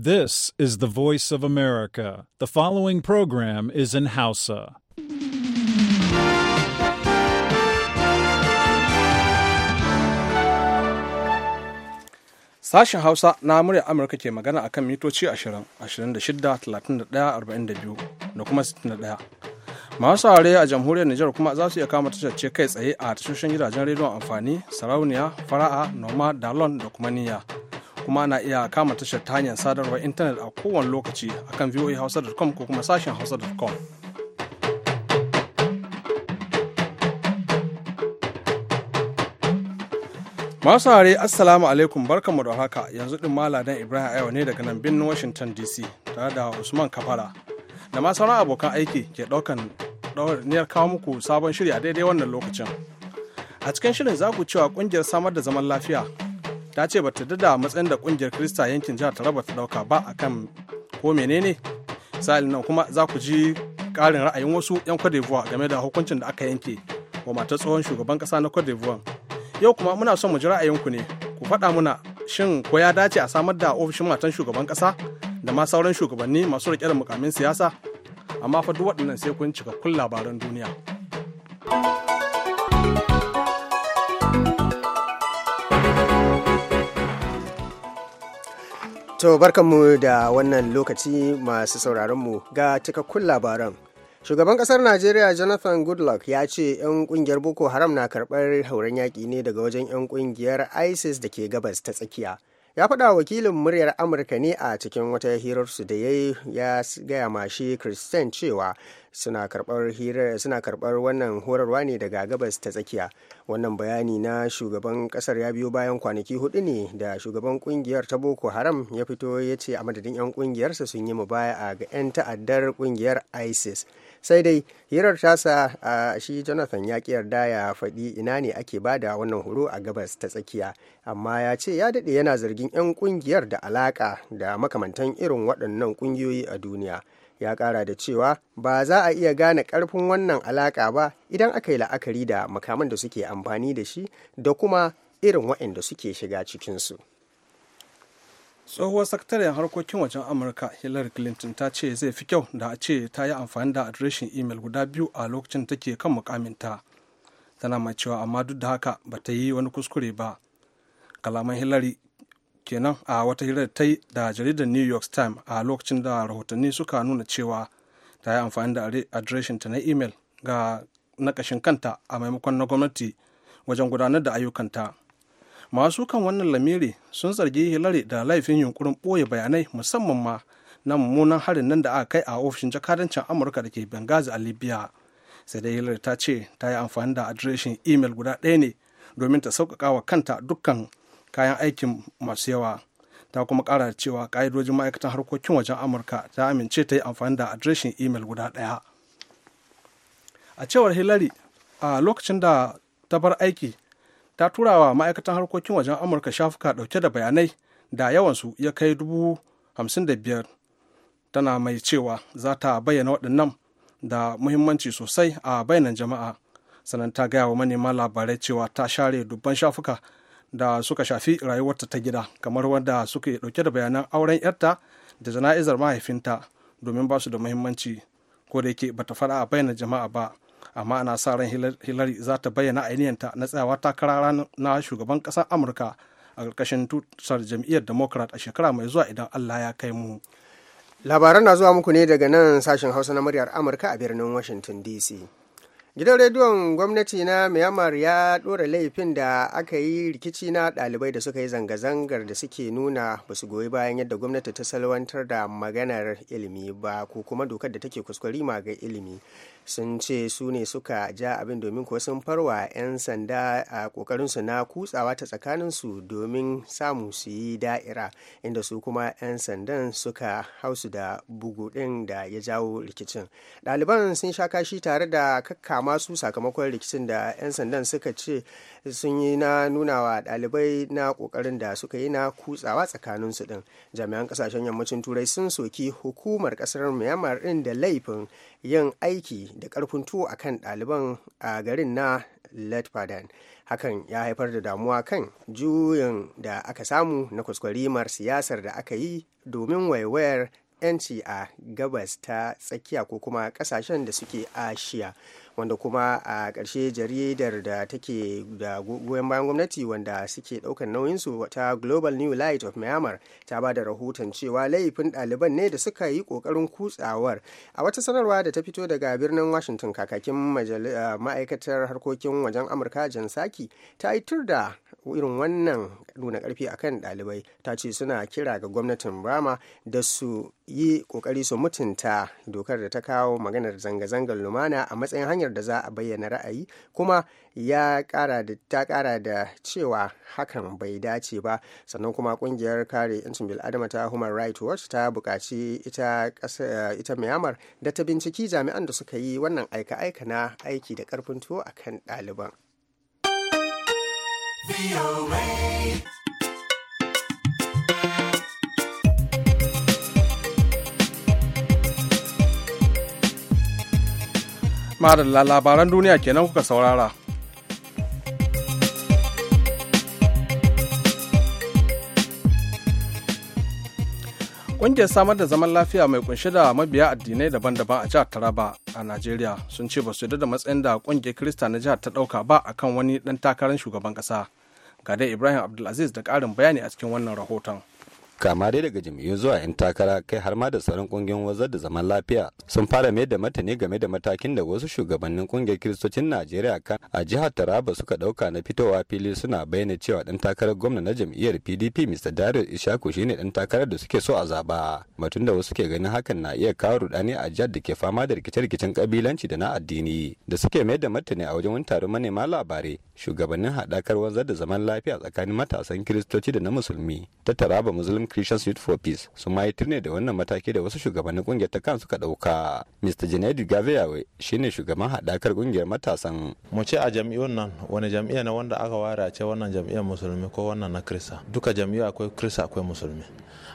This is the voice of America. The following program is in Hausa. Sashen Hausa na murya Amurka ke magana akan mitoci 20, 26, 31, 42 da kuma 61. Masu saurare a jamhuriyar Nijar kuma za su iya kama tashar kai tsaye a tashoshin gidajen rediyon amfani, sarauniya, fara'a, noma, dalon da kuma niyya. kuma na iya kama tashar ta hanyar sadarwar intanet a kowane lokaci akan voahausa.com ko kuma sashen hausa.com. Masu hare Assalamu alaikum barkanmu da haka yanzu ɗin Maladan Ibrahim Ayo ne daga nan birnin Washington DC tare da Usman Kafara da ma sauran abokan aiki ke ɗaukan niyar kawo muku sabon shiri a daidai wannan lokacin. A cikin shirin za ku cewa ƙungiyar samar da zaman lafiya ta ce ba ta dada matsayin da kungiyar krista yankin jihar taraba ta dauka ba akan ko menene sa'ilin nan kuma za ku ji karin ra'ayin wasu 'yan cote d'ivoire game da hukuncin da aka yanke wa matar tsohon shugaban kasa na cote d'ivoire yau kuma muna son mu ji ra'ayinku ne ku faɗa muna shin ko ya dace a samar da ofishin matan shugaban kasa da ma sauran shugabanni masu riƙe da mukamin siyasa amma fa duk waɗannan sai kun cika kun labaran duniya. To barkanmu da wannan lokaci masu sauraronmu ga cikakkun labaran. Shugaban kasar Najeriya Jonathan Goodluck ya ce 'yan kungiyar Boko Haram na karɓar hauren yaƙi ne daga wajen 'yan kungiyar ISIS da ke gabas ta tsakiya. ya faɗa wakilin muryar amurka ne a cikin wata hirarsu da ya gaya mashi christian cewa suna karbar hirar suna karbar wannan horarwa ne daga gabas ta tsakiya wannan bayani na shugaban kasar ya biyo bayan kwanaki hudu ne da shugaban kungiyar ta boko haram ya fito ya ce a madadin yan kungiyarsa sun yi mubaya ga yan ta'addar kungiyar isis sai dai hirar tasa a shi jonathan ya ki yarda ya faɗi ina ne ake bada wannan horo a gabas ta tsakiya amma ya ce ya daɗe yana zargin yan kungiyar da alaka da makamantan irin waɗannan kungiyoyi a duniya ya kara da cewa ba za a iya gane karfin wannan alaka ba idan aka yi la'akari da makaman da suke amfani da shi da kuma irin waɗanda suke shiga cikinsu tsohuwar sakataren harkokin wajen amurka hillary clinton ta ce zai fi kyau da a ce ta yi amfani da adireshin imel guda biyu a lokacin take kan mukaminta tana mai cewa amma duk da haka ba ta yi wani kuskure ba kalaman hillary kenan a wata hira da ta yi da jaridar new york times a lokacin da rahotanni suka nuna cewa ta yi amfani da adireshin ta na imel ga na kanta a maimakon na gwamnati wajen gudanar da ayyukanta masu kan wannan lamiri sun zargi hilari da laifin yunkurin ɓoye bayanai musamman ma na mummunan harin nan da aka kai a ofishin jakadancin amurka da ke bengazi a libya sai dai hillary ta ce ta yi amfani da adireshin imel guda ɗaya ne domin ta sauƙaƙa wa kanta dukkan kayan aikin masu yawa ta kuma kara cewa ka'idojin ma'aikatan harkokin wajen amurka ta amince ta yi amfani da adireshin imel guda ɗaya a cewar hillary a lokacin da ta bar aiki ta tura wa ma'aikatan harkokin wajen amurka shafuka ɗauke da bayanai da yawansu ya kai dubu hamsin da biyar tana mai cewa za ta bayyana waɗannan da muhimmanci sosai a bayanan jama'a sannan ta gaya wa manema labarai cewa ta share dubban shafuka da suka shafi rayuwarta ta gida kamar wadda suke dauke da bayanan auren yarta da jana'izar mahaifinta domin ba su da muhimmanci ko da yake bata fara a bayyana jama'a ba amma ana sa ran hillary za ta bayyana ta na tsayawa takara na shugaban ƙasar amurka a ƙarƙashin tutar jam'iyyar democrat a shekara mai zuwa idan allah ya kai mu labaran na zuwa muku ne daga nan sashen hausa na muryar amurka a birnin washington dc gidan rediyon gwamnati na myanmar ya ɗora laifin da aka yi rikici na ɗalibai da suka yi zanga-zangar da suke nuna ba su goyi bayan yadda gwamnati ta salwantar da maganar ilimi ba ko kuma dokar da take kuskure ma ga ilimi sun ce su ne suka ja abin domin kuwa sun farwa 'yan sanda a kokarinsu na kutsawa ta tsakaninsu domin samu su yi da'ira inda su kuma 'yan sandan suka hausu da bugu ɗin da ya jawo rikicin ɗaliban sun sha kashi tare da kakkama su sakamakon rikicin da 'yan sandan suka ce sun yi na nunawa ɗalibai na ƙoƙarin da suka yi na kutsawa tsakanin su ɗin jami'an ƙasashen yammacin turai sun soki hukumar ƙasar myanmar ɗin da laifin yin aiki da ƙarfin tuwo akan ɗaliban a garin na letpadan hakan ya haifar da damuwa kan juyin da aka samu na kwaskwarimar siyasar da aka yi domin waiwayar 'yanci a gabas ta tsakiya ko kuma kasashen da suke ashiya wanda kuma a ƙarshe jaridar da take da goyon bayan gwamnati wanda suke ɗaukar nauyinsu ta global new light of myanmar ta ba da rahoton cewa laifin ɗaliban ne da suka yi ƙoƙarin kutsawar a wata sanarwa da ta fito daga birnin washington kakakin ma'aikatar harkokin wajen amurka jan saki ta yi tur da irin wannan nuna ƙarfi akan ɗalibai ta ce suna kira ga gwamnatin burma da su yi ƙoƙari su mutunta dokar da ta kawo maganar zanga-zangar lumana a matsayin hanyar hanyar da za a bayyana ra'ayi kuma ya kara da ta kara da cewa hakan bai dace ba sannan kuma kungiyar kare 'yancin bil'adama ta human rights watch ta bukaci ita ita da ta binciki jami'an da suka yi wannan aika-aika na aiki da karfin tuwo akan ɗaliban. VOA. Madalla labaran duniya kenan kuka saurara. Ƙungiyar samar da zaman lafiya mai ƙunshe da mabiya addinai daban-daban a jihar Taraba a Najeriya sun ce ba su yarda da matsayin da ƙungiyar Kirista na jihar ta ɗauka ba a kan wani ɗan takarar shugaban ƙasa. Ga dai Ibrahim Abdulaziz da ƙarin bayani a cikin wannan rahoton. kama dai daga jami'u zuwa 'yan takara kai har ma da tsaron kungiyoyin wazar da zaman lafiya sun fara mai da martani game da matakin da wasu shugabannin kungiyar kiristocin najeriya kan a jihar taraba suka dauka na fitowa fili suna bayyana cewa dan takarar gwamna na jam'iyyar pdp mr darius ishaku shine dan takarar da suke so a zaba batun da wasu ke ganin hakan na iya kawo rudani a jihar da ke fama da rikice-rikicen kabilanci da na addini da suke mai da martani a wajen wani taron manema labarai shugabannin hadakar wanzar da zaman lafiya tsakanin matasan kiristoci da na musulmi ta taraba muslim Christian Youth for Peace su ma ne da wannan mataki da wasu shugabannin kungiyar ta kan suka dauka. Mr. Janaidu Gaveyawe shine shugaban haɗakar kungiyar matasan. Mu ce a jam'iyyun nan wani jam'iyya na wanda aka ware a ce wannan jam'iyyar musulmi ko wannan na Krista. Duka jam'iyyu akwai Krista akwai musulmi.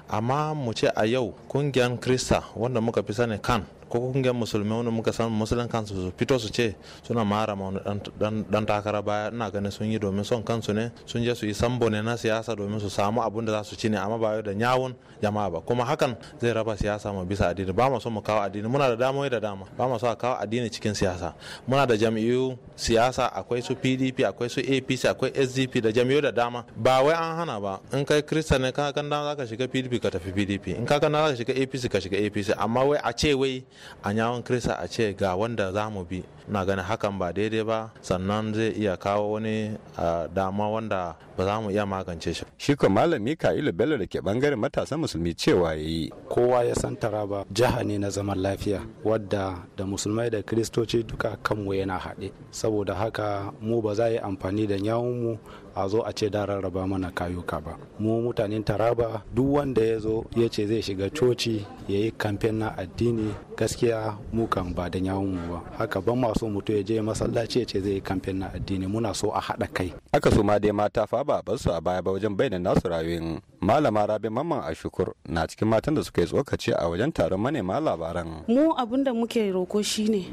Amma mu ce a yau kungiyar Krista wanda muka fi sani kan ko kungiyar musulmi wanda muka san musulun kansu su fito su ce suna mara ma dan takara baya ina ganin sun yi domin son kansu ne sun je su yi sambo ne na siyasa domin su samu abun da za su ci ne amma ba da nyawun jama'a ba kuma hakan zai raba siyasa mu bisa addini ba mu so mu kawo addini muna da damoyi da dama ba mu so a kawo addini cikin siyasa muna da jam'iyyu siyasa akwai su PDP akwai su APC akwai SDP da jam'iyyu da dama ba wai an hana ba in kai kristan ne ka kan dama zaka shiga PDP ka tafi PDP in ka kan dama zaka shiga APC ka shiga APC amma wai a ce wai an yawon kirista a ce ga wanda za mu bi na gani hakan ba daidai ba sannan zai iya kawo wani ah, dama wanda ba za mu iya magance shi. Shi ko ka Mika'ilu Bello da ke bangaren matasan musulmi cewa ya yi. Kowa ya san Taraba jiha ne na zaman lafiya wadda da musulmai da kiristoci duka kanmu yana haɗe. Saboda haka mu ba za yi amfani da yawunmu a zo a ce da rarraba mana kayuka ba. Mu mutanen Taraba duk wanda ya zo ya ce zai shiga coci ya yi kamfen na addini gaskiya mu kan ba da yawunmu ba. Haka ban masu mutu ya je masallaci ya ce zai yi kamfen na addini muna so a haɗa kai. Aka su ma dai mata fa ba a basu a baya ba wajen bayyana nasu rayuwar malama rabi mamman a shukur na cikin matan da suka yi tsokaci a wajen taron manema labaran mu abin da muke roko shine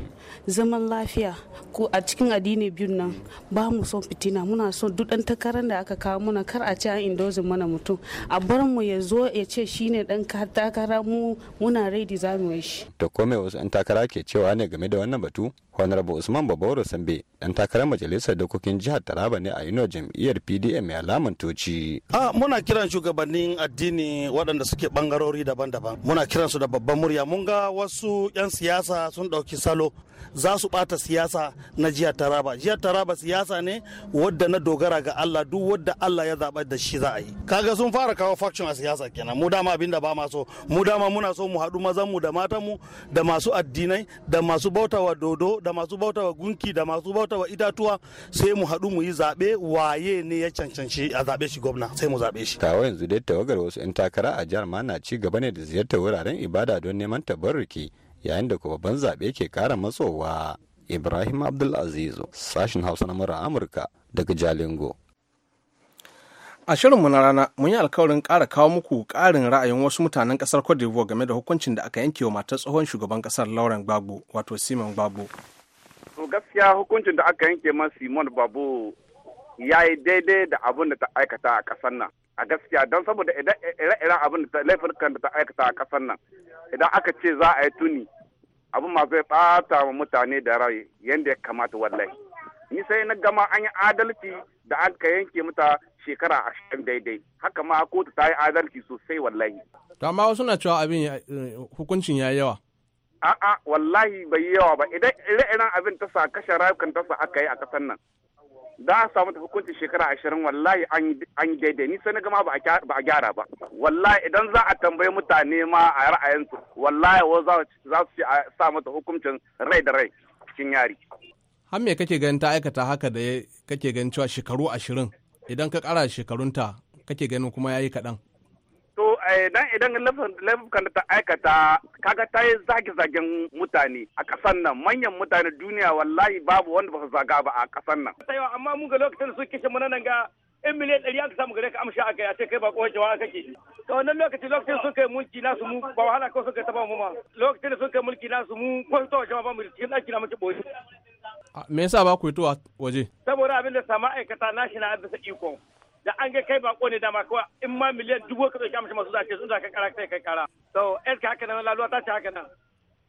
zaman lafiya ko a cikin addini biyun nan ba mu son fitina muna son duk dan takarar da aka kawo muna kar a ci an indozin mana mutum a bar mu ya zo ya ce shine dan takara mu muna ready za mu yi shi to kome wasu yan takara ke cewa ne game da wannan batu honorable usman babawaro sambe dan takarar majalisar dokokin jihar taraba ne a yino jam'iyyar pdm ya lamantoci a muna kiran shugaba shugabannin addini waɗanda suke bangarori daban-daban muna kiransu da babban murya mun ga wasu 'yan siyasa sun ɗauki salo za su ɓata siyasa na jihar taraba jihar taraba siyasa ne wadda na dogara ga allah duk wadda allah ya zaɓa da shi za a yi kaga sun fara kawo faction a siyasa kenan mu dama abinda ba ma so mu dama muna so mu haɗu mazan mu, da mu, da masu addinai da masu bautawa dodo da masu bautawa gunki da masu bautawa itatuwa sai mu haɗu mu yi zaɓe waye ne ya cancanci a zaɓe shi gwamna sai mu zaɓe shi dai tawagar wasu 'yan takara a jihar mana ci gaba ne da ziyartar wuraren ibada don neman tabarruki yayin da kuma ban zaɓe ke ƙara matsowa. Ibrahim Abdulaziz sashen Hausa na mura Amurka daga Jalingo. A shirinmu na rana mun yi alkawarin ƙara kawo muku ƙarin ra'ayin wasu mutanen ƙasar Cote d'Ivoire game da hukuncin da aka yanke wa matar tsohon shugaban ƙasar Lauren Gbagbo wato Simon Gbagbo. To gaskiya hukuncin da aka yanke ma Simon Gbagbo ya yi daidai da abun da ta aikata a ƙasar nan. a gaskiya don saboda idan ire-iren abin da laifin kan da ta aikata a kasar nan idan aka ce za a yi tuni abin ma zai ɓata wa mutane da rai yadda ya kamata wallahi ni sai na gama an yi adalci da aka yanke mata shekara ashirin daidai haka ma kotu ta yi adalci sosai wallahi to amma wasu na cewa abin hukuncin ya yawa a'a wallahi bai yawa ba idan ire-iren abin ta sa kashe rayukan ta sa aka yi a kasar nan za a samu ta hukuncin shekara ashirin wallahi an daidai ni sai gama ba a gyara ba wallahi idan za a tambayi mutane ma a ra'ayinsu wallahi wa za su ce a sa mata hukuncin rai da rai cikin yari. har me kake ganin ta aikata haka da kake ganin cewa shekaru ashirin idan ka kara shekarunta kake ganin kuma yayi kaɗan. Eh, idan idan laifukan da ta aikata kaga ta yi zage-zagen mutane a kasan nan manyan mutane duniya wallahi babu wanda ba su zaga ba a kasan nan. amma mun ga lokacin su kishin mana nan ga yan miliyan ɗari aka samu gare ka amsha aka a ce kai ba kowace wa kake ta wannan lokacin lokacin sun kai mulki nasu mu ba wahala ko sun kai ta ba mu ma lokacin da sun kai mulki nasu mu ko ta waje ba mu cikin ɗaki na muke boye me yasa ba ku yi to waje saboda abin da sama aikata shi na bisa iko da an ga kai bako ne dama kawai in ma miliyan dubu ka zai amshi masu zace sun zaka kara kai kai kara to ka haka nan laluwa ta ce haka nan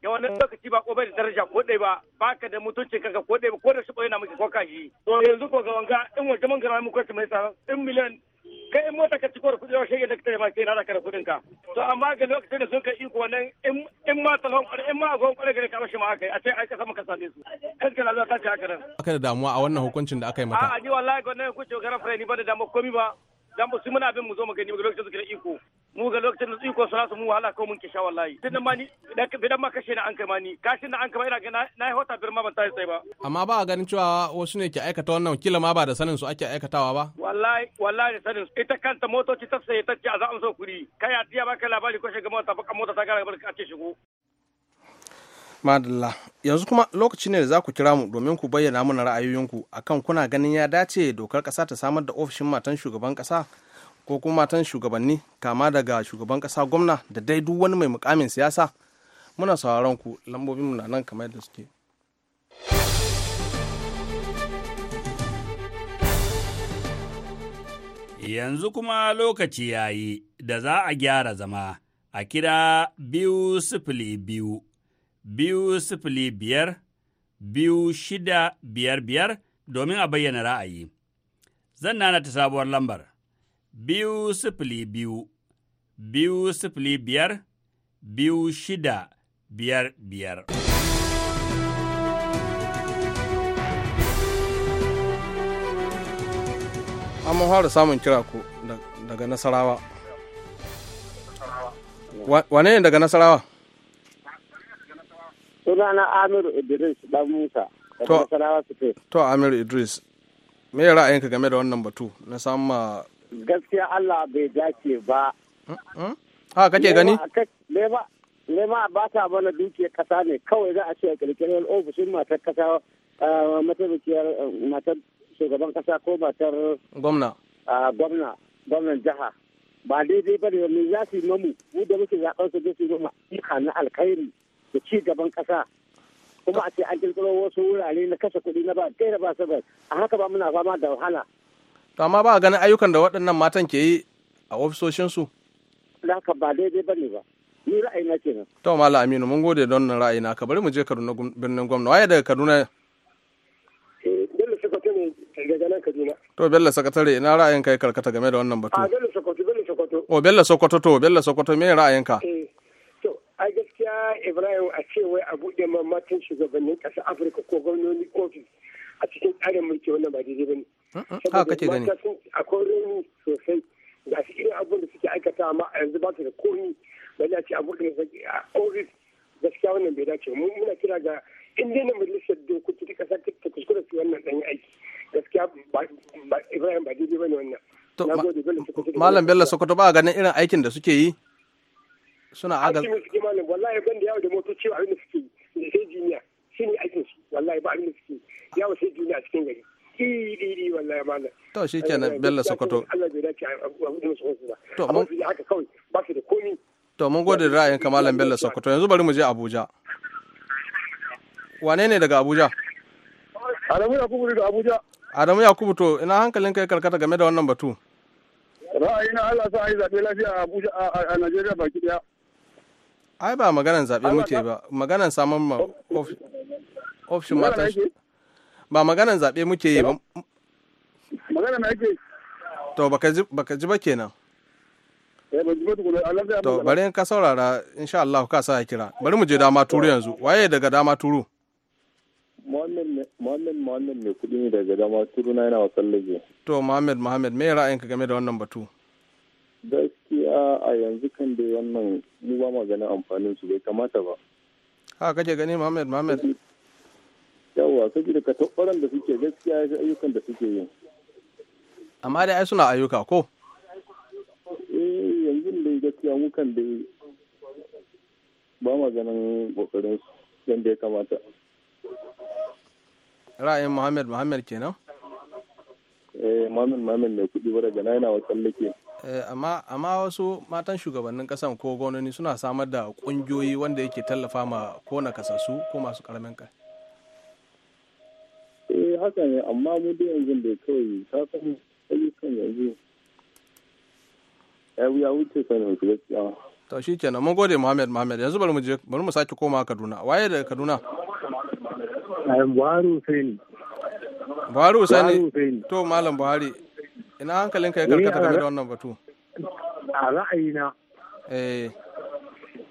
ga wani lokaci ba ko bai da daraja ko ɗaya ba baka da mutunci ga ko ɗaya ko da shi ɓoye na miki ko kaji to yanzu ko ga wanga in wajen mun gara mu kwarta mai tsaron in miliyan kai in mota ka ci kwar kudi shege da kai ma kai na ka da kudin ka to amma ga lokacin da sun ka iko wannan in ma talon kwar in ma agon kwar gare ka bashi ma akai a ce ai ka sama ka same su kan kana zuwa ka haka nan aka da damuwa a wannan hukuncin da aka yi mata a ji wallahi wannan hukuncin garan fare ni ba da damuwa komi ba dan ba su muna bin mu zo mu gani lokacin suke kira iko mu ga lokacin da iko su rasu mu wahala ko mun kisha wallahi tun ma ni bidan ma kashe na an kai ma ni kashin na an kai ma ina ga na yi hota birma ban tayi sai ba amma ba a ganin cewa wasu ne ke aikata wannan kila ma ba da sanin su ake aikatawa ba wallahi wallahi da sanin su ita kanta motoci ta sai ta ce a za a so kuri kai a tiya ba kai labari ko shiga mota ba baka mota ta gara barka a ce shigo madalla yanzu kuma lokaci ne da za ku kira mu domin ku bayyana mana ra'ayoyinku akan kuna ganin ya dace dokar ƙasa ta samar da ofishin matan shugaban ƙasa ko kuma matan shugabanni kama daga shugaban ƙasa gwamna da dai duk wani mai mukamin siyasa muna sauraron ku lambobin mu na nan kamar da suke yanzu kuma lokaci yayi da za a gyara zama a kira biyu sifili biyu biyu sifili biyar biyu shida biyar biyar domin a bayyana ra'ayi. Zan nana ta sabuwar lambar biyu sifili biyu biyu sifili biyar biyu shida biyar biyar. An fara samun kira ku daga Nasarawa. Wane ne daga Nasarawa? sunana Amir idris dan musa to to Amir idris me ya ra'ayinka game da wannan batu na sama gaskiya allah bai dace ba ha kake gani nema ba ta bana dukiyar kasa ne kawai za a ce a kirkirar ofishin matar kasa mataimakiyar matar shugaban kasa ko matar gwamna gwamna gwamnan jiha ba daidai ba ne wani za su yi mamu mu da muke zaɓar su zai su yi mamu na alkhairi da ci gaban kasa kuma a ce an kirkiro wasu wurare na kashe kuɗi na ba gaira ba sabar a haka ba muna fama da wahala. to amma ba ganin ayyukan da waɗannan matan ke yi a ofisoshinsu. da haka ba daidai ba ne ba ni ra'ayi na kenan. to mala aminu mun gode don nan ra'ayi na ka bari mu je kaduna birnin gwamna waye daga kaduna. Eh, to bello sakatare ina ra'ayin kai karkata game da wannan batu. a ah, bello sokoto bello sokoto. o oh, bello sokoto to bello sokoto me ra'ayin ka. Eh, to ai gaskiya ibrahim a ce wai a buɗe matan shugabannin ƙasa afirka ko gwamnoni ofis a cikin tsarin mulki wannan ba daidai ba ne. Haka kake gani. Akwai rauni sosai ga su irin abubuwan da suke aikata ma a yanzu ba su da komi ba za a ce abu da ofis gaskiya wannan bai dace mu muna kira ga in dai na majalisar dokoki ta ƙasa ta kuskura su wannan ɗanyen aiki gaskiya ibrahim ba daidai ba ne wannan. Malam Bello Sokoto ba ganin irin aikin da suke yi? suna agaza aikin suke malam wallahi ban da yawo da motoci abin da suke sai jiniya shi ne aikin su wallahi ba abin da suke yawo sai jiniya a cikin gari iri wallahi malam to shi ke kenan bello sokoto Allah bai dace a gudun su ba to mun haka kawai ba su da komi to mun gode da ra'ayin kamalan bello sokoto yanzu bari mu je abuja wane ne daga abuja adamu ya yakubu daga abuja adamu yakubu to ina hankalin kai karkata game da wannan batu ra'ayi na Allah sa a yi zaɓe lafiya a Abuja a Najeriya baki ɗaya. ai ba maganan zaɓe muke ba maganan samun ma ofishin mata ba maganan zaɓe muke yi ba maganan ake to baka ji ba kenan eh, to bari in ka saurara insha Allah ka sa kira bari mu je dama turu yanzu waye daga dama turu Muhammad Muhammad mai kudi ne daga dama turu na yana wasan lage to Muhammad Muhammad me ra'ayinka game da wannan batu gaskiya a yanzu kan dai wannan mu ba ma ganin amfanin su bai kamata ba ha kaje gani Muhammad Muhammad yawa kaje da tabbaran da suke gaskiya ga ayyukan da suke yi amma dai ai suna ayyuka ko eh yanzu dai gaskiya mu kan dai ba ma ganin kokarin su yanda ya kamata ra'ayin Muhammad Muhammad kenan eh Muhammad Muhammad mai kudi bara gana yana wa tsallake Eh, amma wasu matan shugabannin kasan ko gwamnoni suna samar da kungiyoyi wanda yake tallafa ma ko na kasassu ko masu karamin kai eh haka ne amma mu da yanzu da kawai ta san ayyukan yanzu ya wuya wuce sanin su gaskiya to shi kenan mun gode Muhammad Muhammad yanzu bari mu je bari mu sake koma Kaduna waye da Kaduna Buhari Hussein Buhari Hussein to malam Buhari ina hankalinka ya karkata game da wannan batu a ra'ayina eh.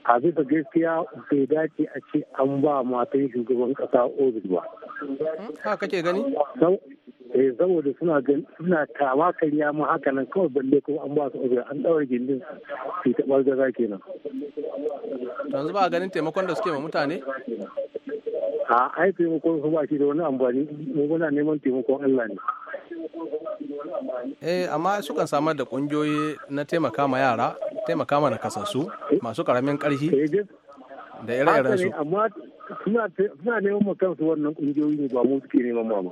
a bisa gaskiya bai dace a ce an ba matan shugaban kasa ofis ba hmm? ha kake gani eh saboda suna suna kama kariya mu haka nan kawai balle kuma an ba su ofis an daura gindin su ta gaza kenan yanzu ba ganin taimakon da suke ma mutane a ai taimakon su ba shi da wani amfani mu muna neman taimakon Allah ne eh amma sukan samar da kungiyoyi na taimaka ma yara taimaka ma nakasassu masu karamin karfi da ire-iren su amma suna neman ma kansu wannan kungiyoyi ne ba mu suke neman ma ba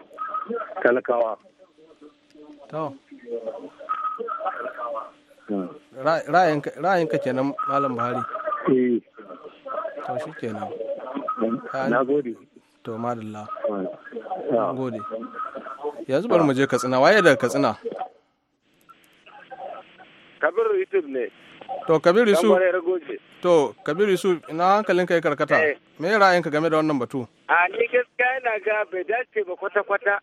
talakawa to hmm. ra'ayin ka kenan malam buhari eh to shi kenan na gode to madalla ah. gode yanzu bari mu je katsina waye daga katsina kabir yusuf ne to kabiru yusuf to kabiru yusuf ina hankalin ka karkata eh. me ra'ayin ka game da wannan batu a ni gaskiya ina ga bai dace ba kwata kwata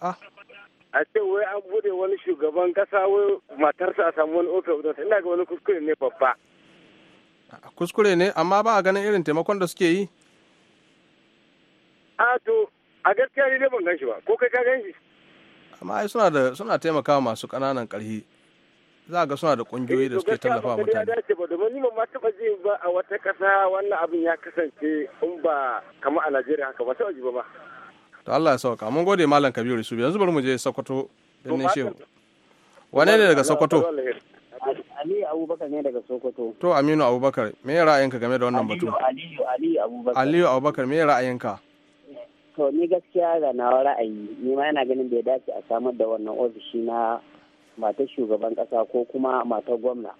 a a ce wai an bude wani shugaban kasa wai matarsa a samu wani ofis da ina ga wani kuskure ne babba kuskure ne amma ba a ganin irin taimakon da suke yi a to a gaskiya ne ban gan shi ba ko kai ka gan shi amma ai suna da suna taimakawa masu kananan karhi za ga suna da kungiyoyi da eh, suke tallafa mutane. Gaskiya dace ba domin ni ba ma taba ji ba a wata kasa wannan abin ya kasance in ba kamar a Najeriya haka ba sai ji ba ba. To Allah ya sauka mun gode Malam Kabiru su yanzu bari mu je Sokoto birnin Shehu. Wane ne daga Sokoto? Ali Abubakar ne daga Sokoto. To Aminu Abubakar me ra'ayinka game da wannan batu? Aliyu Abubakar. Aliyu Abubakar me ra'ayinka? to ni gaskiya ga nawa ra'ayi ni ma yana ganin bai dace a samar da wannan ofishi na matar shugaban kasa ko kuma matar gwamna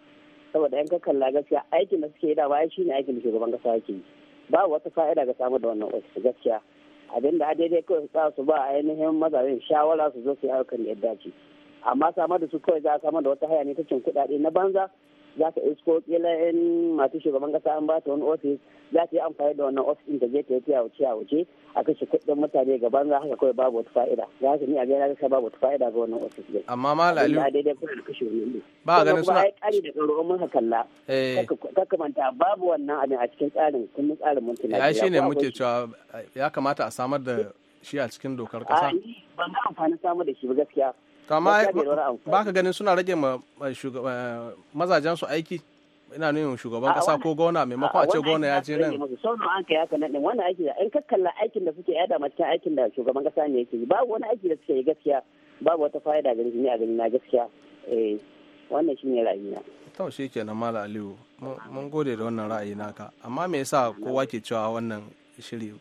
saboda yan kalla gaskiya aikin da suke yi da shi shine aikin da shugaban kasa yake yi babu wata fa'ida ga samar da wannan ofishi gaskiya abinda a daidai kawai su tsaya su ba ainihin mazarin shawara su zo su yi ayyukan da ya dace amma samar da su kawai za a samar da wata haya ne ta cin kuɗaɗe na banza za ka isko kila in masu shugaban kasa an bata wani ofis za ta yi amfani da wannan ofis ɗin ta je ta yi wuce a wuce a kashe kuɗin mutane gaban za haka kawai babu wata fa'ida za ka ni a gaina ka babu wata fa'ida ga wannan ofis ɗin. amma ma lalu daidai kashe ba a ganin suna kuma kari da tsaro mun haka kaka manta babu wannan abin a cikin tsarin kundin tsarin mutum ya shi ne muke cewa ya kamata a samar da shi a cikin dokar kasa. ban ga amfani samar da shi ba gaskiya amma ba ka ganin suna rage ma mazajen su aiki ina nuna shugaban kasa ko gona maimakon a ce gona ya je nan sau nawa an kai haka nan wannan aiki in kakkalla aikin da suke yada mace aikin da shugaban kasa ne yake yi babu wani aiki da suke yi gaskiya babu wata fa'ida gare shi ne a ganin na gaskiya eh wannan shine ra'ayina to shi kenan mala aliyu mun gode da wannan ra'ayi naka amma me yasa kowa ke cewa wannan shiri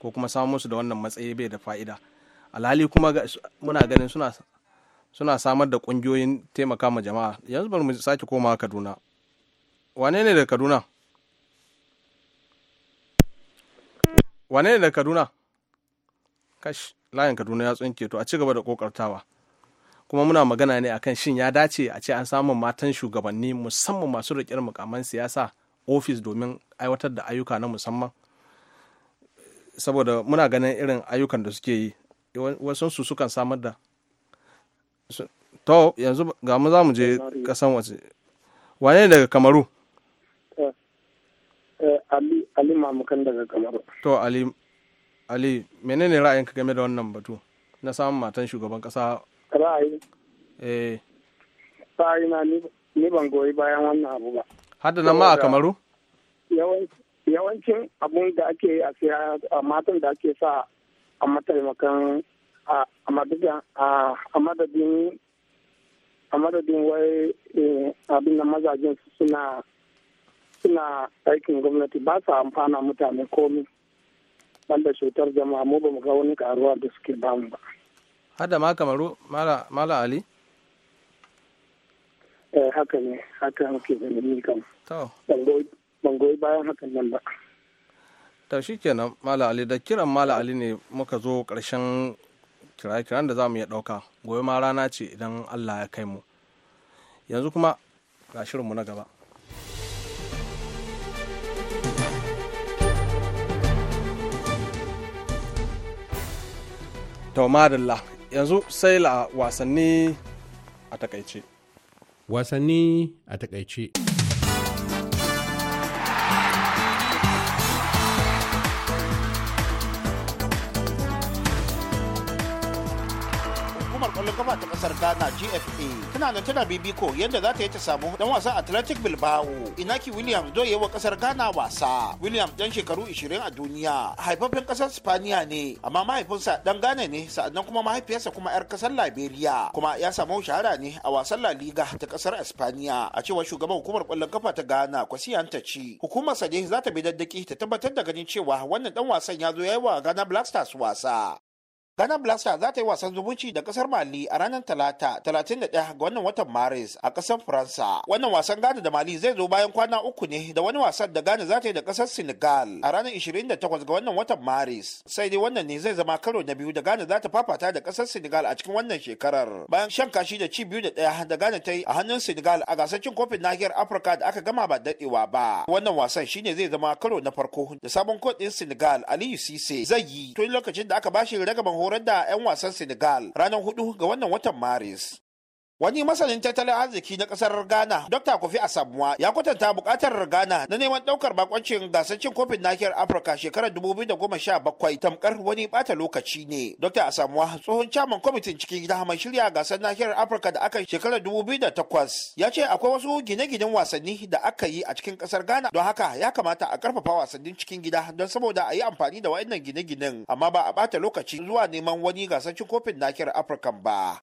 ko kuma samu musu da wannan matsayi bai da fa'ida alhali kuma muna ganin suna suna samar da ƙungiyoyin taimaka ma jama'a yanzu bari mu sake komawa kaduna wane ne da kaduna wane ne da kaduna kash layin kaduna ya tsinke to a ci gaba da kokartawa kuma muna magana ne akan shin ya dace a ce an samu matan shugabanni musamman masu riƙe mukaman siyasa ofis domin aiwatar da ayyuka na musamman saboda muna ganin irin ayyukan da suke yi wasu su sukan samar da to yanzu ga mu za mu je kasan waje wane daga kamaru eh, eh, ali ali mamukan daga kamaru to ali ali menene ra'ayinka game da wannan batu na samun matan shugaban kasa ra'ayi eh sai na ni ban goyi bayan wannan abu ba hadda nan ma a kamaru yawancin abun da ake a matan da ake sa a mataimakan a madadin a madadin wai eh, abin da mazajen suna suna aikin gwamnati ba su amfana mutane komi banda cutar jama'a mu ba mu ga wani karuwa da suke bamu ba hada ma kamaru mala ali eh haka ne haka muke gani ni kam to ban goyi bayan hakan nan ba to shikenan mala ali da kiran mala ali ne muka zo karshen kira-kiran da za mu iya ɗauka gobe ma rana ce idan allah ya kai mu yanzu kuma ga shirinmu na gaba taumadalla yanzu sai la wasanni a takaice wasanni a takaice kwallon kafa ta kasar Ghana GFA tana nan tana bibiko yadda za ta yi ta samu dan wasan Athletic Bilbao Inaki Williams yi wa kasar Ghana wasa William dan shekaru 20 a duniya haifaffen kasar Spaniya ne amma mahaifinsa dan Ghana ne sa'annan kuma mahaifiyarsa kuma yar kasar Liberia kuma ya samu shahara ne a wasan La Liga ta kasar Espaniya a cewar shugaban hukumar kwallon kafa ta Ghana Kwasiyanta ci hukumar sa ne za ta bi daddaki ta tabbatar da ganin cewa wannan dan wasan ya zo ya yi wa Ghana Black wasa Ghana Blasta za ta yi wasan zumunci da kasar Mali a ranar Talata 31 ga wannan watan Maris a kasar Faransa. Wannan wasan Ghana da Mali zai zo bayan kwana uku ne da wani wasan da Ghana za ta yi da kasar Senegal a ranar 28 ga wannan watan Maris. Sai dai wannan ne zai zama karo na biyu da Ghana za ta fafata da kasar Senegal a cikin wannan shekarar. Bayan shan kashi da ci biyu da ɗaya da Ghana ta yi a hannun Senegal a gasar cin kofin nahiyar Afirka da aka gama ba daɗewa ba. Wannan wasan shine zai zama karo na farko da sabon kodin ɗin Senegal Aliyu Sise zai yi tun lokacin da aka bashi ragaban horar da 'yan wasan Senegal ranar hudu ga wannan watan Maris. Wani masanin tattalin arziki na kasar Ghana, Dr. Kofi Asamuwa, ya kwatanta bukatar Ghana na neman daukar bakoncin gasar cin kofin nahiyar Afirka shekarar da 2017 tamkar wani bata lokaci ne. Dr. Asamuwa, tsohon caman kwamitin cikin gida mai shirya gasar nahiyar Afirka da aka yi shekarar 2008, ya ce akwai wasu gine-ginen wasanni da aka yi a cikin kasar Ghana don haka ya kamata a karfafa wasannin cikin gida don saboda a yi amfani da waɗannan gine-ginen amma ba a bata lokaci zuwa neman wani gasar cin kofin nahiyar Afirka ba.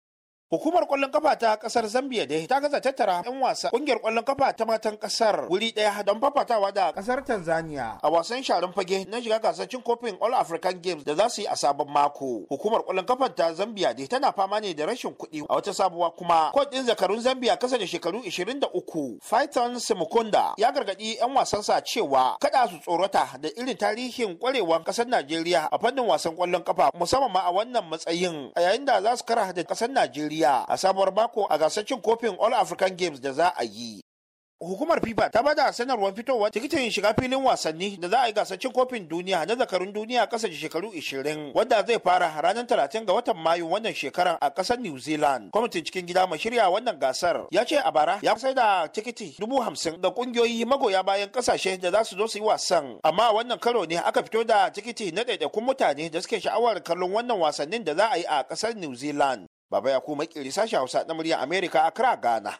Hukumar kwallon kafa ta kasar Zambia da ta gaza tattara 'yan wasa kungiyar kwallon kafa ta matan kasar wuri daya don fafatawa da kasar Tanzania a wasan sharan fage na shiga gasar cin kofin All African Games da za su yi a sabon mako. Hukumar kwallon kafa ta Zambia da tana fama ne da rashin kuɗi a wata sabuwa kuma kwad din zakarun Zambia kasa da shekaru 23 Python Simukunda ya gargaɗi 'yan wasansa cewa kada su tsorata da irin tarihin ƙwarewan kasar Najeriya a fannin wasan kwallon kafa musamman ma a wannan matsayin a yayin da za su kara da kasar Najeriya. Najeriya a sabuwar bako a gasar cin kofin All African Games da za a yi. Hukumar FIFA ta bada sanarwar fitowar tikitin shiga filin wasanni da za a yi gasar cin kofin duniya na zakarun duniya kasa shekaru 20 wanda zai fara ranar 30 ga watan Mayu wannan shekarar a kasar New Zealand. Kwamitin cikin gida mai shirya wannan gasar ya ce a bara ya sai da tikiti 50,000 hamsin ga kungiyoyi magoya bayan kasashe da za su zo su yi wasan. Amma wannan karo ne aka fito da tikiti na ɗaiɗaikun mutane da suke sha'awar kallon wannan wasannin da za a yi a kasar New Zealand. Baba ya kuma kiri sashi Hausa na murya Amerika a kira Ghana.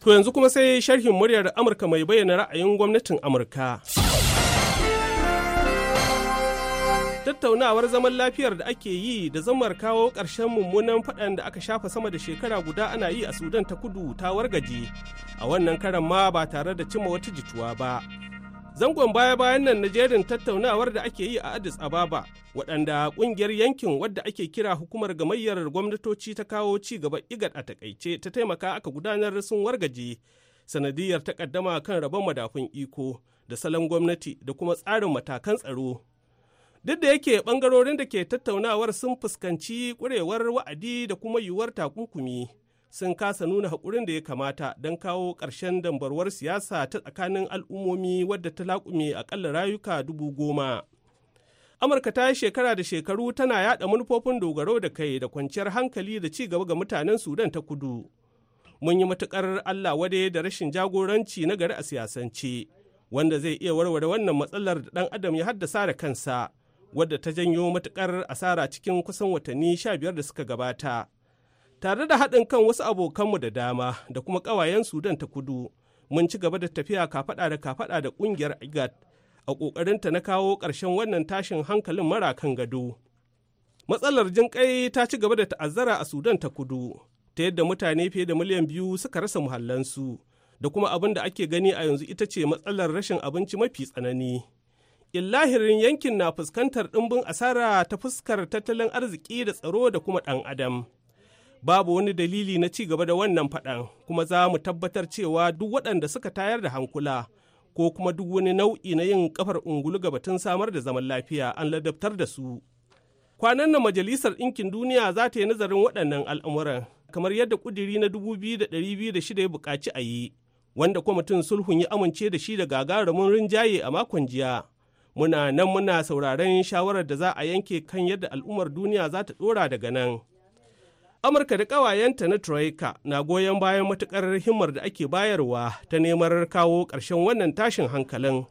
To yanzu kuma sai sharhin muryar Amurka mai bayyana ra'ayin gwamnatin Amurka. tattaunawar zaman lafiyar da ake yi da zamar kawo ƙarshen mummunan faɗan da aka shafa sama da shekara guda ana yi a sudan ta kudu ta wargaje a wannan karan ma ba tare da cimma wata jituwa ba zangon baya-bayan nan na jerin tattaunawar da ake yi a addis ababa waɗanda ƙungiyar yankin wadda ake kira hukumar gamayyar gwamnatoci ta kawo ci gaba igat a takaice ta taimaka aka gudanar sun wargaje sanadiyar takaddama kan rabon madafun iko da salon gwamnati da kuma tsarin matakan tsaro Duk da yake ɓangarorin da ke tattaunawar sun fuskanci ƙurewar wa'adi da kuma yiwuwar takunkumi sun kasa nuna haƙurin da ya kamata don kawo ƙarshen dambarwar siyasa ta tsakanin al'ummomi wadda ta laƙume aƙalla rayuka dubu goma. Amurka ta yi shekara da shekaru tana yaɗa manufofin dogaro da kai da kwanciyar hankali da ci gaba ga mutanen Sudan ta kudu. mun yi matuƙar Allah wade da rashin jagoranci na gari a siyasance wanda zai iya warware wannan matsalar da ɗan adam ya haddasa da kansa wadda ta janyo matukar asara cikin kusan watanni sha biyar da suka gabata. Tare da haɗin kan wasu abokanmu da dama da kuma ƙawayen Sudan ta kudu, mun ci gaba da tafiya kafaɗa da kafaɗa da ƙungiyar IGAT, a ƙoƙarinta na kawo ƙarshen wannan tashin hankalin mara kan gado. Matsalar jinƙai ta ci gaba da ta'azzara a Sudan ta kudu, ta yadda mutane fiye da miliyan biyu suka rasa muhallansu, da kuma abin da ake gani a yanzu ita ce matsalar rashin abinci mafi tsanani. lahirin yankin na fuskantar ɗimbin asara ta fuskar tattalin arziki da tsaro da kuma ɗan adam babu wani dalili na ci gaba da wannan faɗan kuma za mu tabbatar cewa duk waɗanda suka tayar da hankula ko kuma duk wani nau'i na yin kafar ungulu ga batun samar da zaman lafiya an ladabtar da su kwanan nan majalisar ɗinkin duniya za ta yi nazarin waɗannan al'amuran kamar yadda ƙudiri na shida ya buƙaci a yi wanda kwamitin sulhun ya amince da shi da gagarumin rinjaye a makon jiya muna nan muna sauraron shawarar da za a yanke kan yadda al'ummar duniya za ta dora daga nan amurka da ƙawayenta na troika na goyon bayan matuƙar himmar da ake bayarwa ta neman kawo ƙarshen wannan tashin hankalin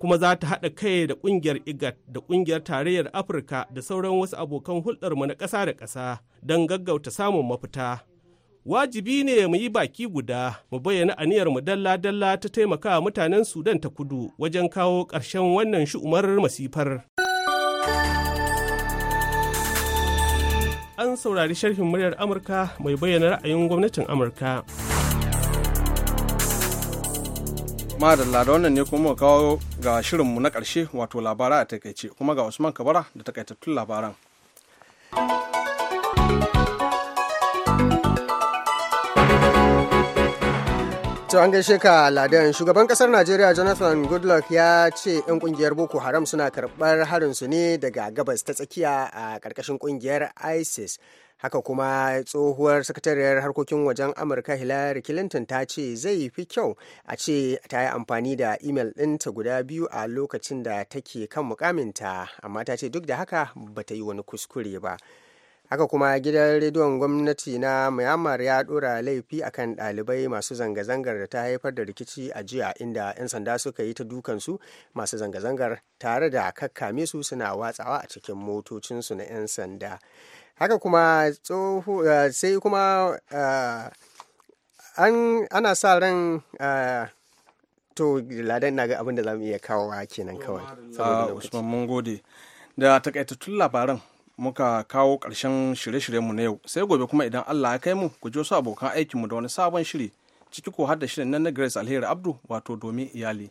kuma za ta haɗa kai da ƙungiyar igat da ƙungiyar tarayyar afirka da sauran wasu abokan hulɗarmu na ƙasa da ƙasa don gaggauta samun mafita wajibi ne mu yi baki guda mu bayyana aniyar mu dalla-dalla ta taimaka mutanen sudan ta kudu wajen kawo ƙarshen wannan shu'umar masifar an saurari sharhin muryar amurka mai bayyana ra'ayin gwamnatin amurka madalla da wannan ne kuma kawo ga shirinmu na ƙarshe wato labara a takaice kuma ga usman kabara da takaitattun labaran To an gaishe ka Ladan shugaban kasar Najeriya Jonathan Goodluck ya ce 'yan kungiyar Boko Haram suna karɓar harinsu ne daga gabas ta tsakiya a karkashin kungiyar ISIS. Haka kuma tsohuwar sakatariyar harkokin wajen Amurka Hillary Clinton ta ce zai fi kyau a ce ta yi amfani da imel ɗinta guda biyu a lokacin da take kan mukaminta, amma ta ce duk da haka bata yi wani kuskure ba. haka kuma gidan rediyon gwamnati na myanmar ya dora laifi akan ɗalibai masu zanga-zangar da ta haifar da rikici a jiya inda 'yan sanda suka yi ta dukansu masu zanga-zangar tare da kakkame su suna watsawa a cikin motocinsu na 'yan sanda haka kuma eh, sai kuma eh, ana sa ran eh, to ladan na ga abin da za mu iya kawowa kenan kawai. Ah, da takaitattun labaran muka kawo ƙarshen shirye-shiryenmu na yau sai gobe kuma idan allah ya kai mu ku ji wasu abokan aikinmu da wani sabon shiri ciki ko har shirin nan na grace alheri abdu wato domin iyali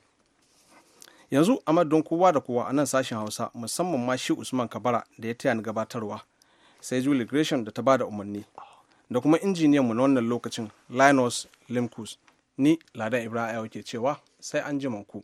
yanzu a madadin kowa da kowa a nan sashen hausa musamman ma shi usman kabara da ya taya ni gabatarwa sai julie gresham da ta bada umarni da kuma injiniyan mu na wannan lokacin linus limkus ni ladan ibrahim ke cewa sai an ku.